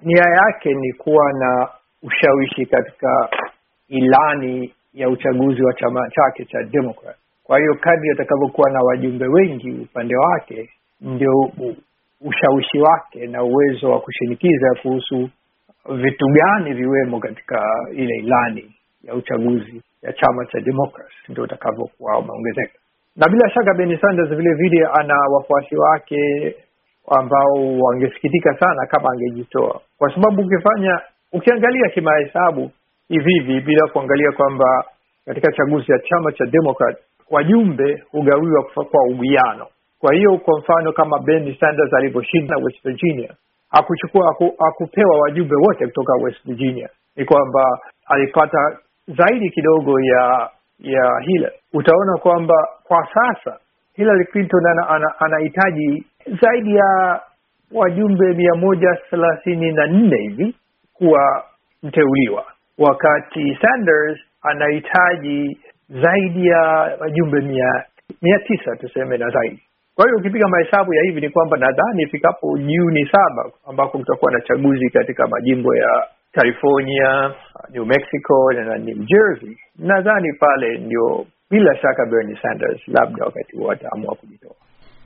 nia yake ni kuwa na ushawishi katika ilani ya uchaguzi wa chama chake cha demokrat Kwa hiyo kadri atakavyokuwa na wajumbe wengi upande wake, ndio ushawishi wake na uwezo wa kushinikiza kuhusu vitu gani viwemo katika ile ilani ya uchaguzi ya chama cha demokrat ndio utakavyokuwa umeongezeka. Na bila shaka Bernie Sanders vile vile ana wafuasi wake ambao wangesikitika sana kama angejitoa, kwa sababu ukifanya ukiangalia kimahesabu hivi hivi bila kuangalia kwamba katika chaguzi ya chama cha Democrat wajumbe hugawiwa kwa uwiano. Kwa hiyo kwa mfano kama Bernie Sanders alivyoshinda West Virginia hakuchukua hakupewa hakupewa wajumbe wote kutoka West Virginia, ni kwamba alipata zaidi kidogo ya ya Hillary. Utaona kwamba kwa sasa Hillary Clinton anahitaji ana, ana zaidi ya wajumbe mia moja thelathini na nne hivi kuwa mteuliwa, wakati Sanders anahitaji zaidi ya wajumbe mia mia tisa tuseme na zaidi. Kwa hiyo ukipiga mahesabu ya hivi ni kwamba nadhani ifikapo Juni saba ambako kutakuwa na chaguzi katika majimbo ya California, New Mexico na New Jersey, nadhani pale ndio bila shaka Bernie Sanders labda wakati huo ataamua kujitoa.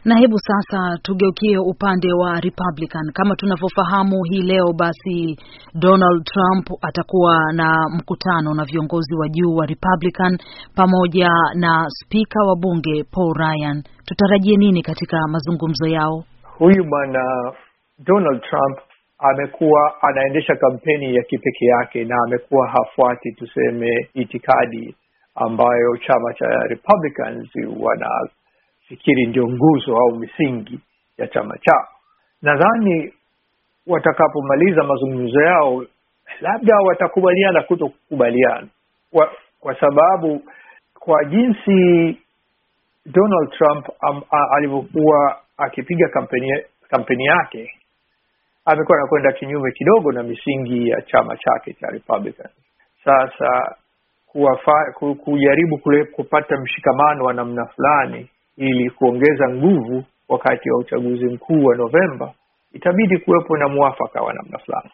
Na hebu sasa tugeukie upande wa Republican. Kama tunavyofahamu hii leo basi Donald Trump atakuwa na mkutano na viongozi wa juu wa Republican pamoja na spika wa bunge Paul Ryan. Tutarajie nini katika mazungumzo yao? Huyu bwana Donald Trump amekuwa anaendesha kampeni ya kipekee yake na amekuwa hafuati tuseme itikadi ambayo chama cha Republicans wana nafikiri ndio nguzo au misingi ya chama chao. Nadhani watakapomaliza mazungumzo yao, labda watakubaliana kuto kukubaliana kwa, kwa sababu kwa jinsi Donald Trump alivyokuwa akipiga kampeni kampeni yake amekuwa anakwenda kinyume kidogo na misingi ya chama chake cha Republican. Sasa kuwafa, kujaribu kule kupata mshikamano wa namna fulani ili kuongeza nguvu wakati wa uchaguzi mkuu wa Novemba, itabidi kuwepo na mwafaka wa namna fulani.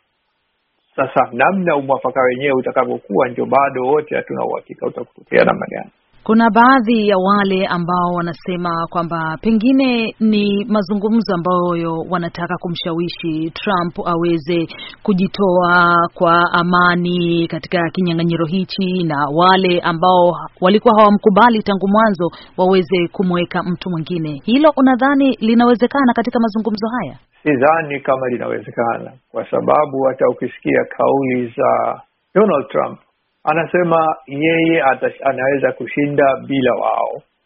Sasa namna mwafaka wenyewe utakavyokuwa, ndio bado wote hatuna uhakika utakutokea namna gani. Kuna baadhi ya wale ambao wanasema kwamba pengine ni mazungumzo ambayo wanataka kumshawishi Trump aweze kujitoa kwa amani katika kinyang'anyiro hichi na wale ambao walikuwa hawamkubali tangu mwanzo waweze kumweka mtu mwingine. Hilo unadhani linawezekana katika mazungumzo haya? Sidhani kama linawezekana, kwa sababu hata ukisikia kauli za Donald Trump anasema yeye anaweza kushinda bila wao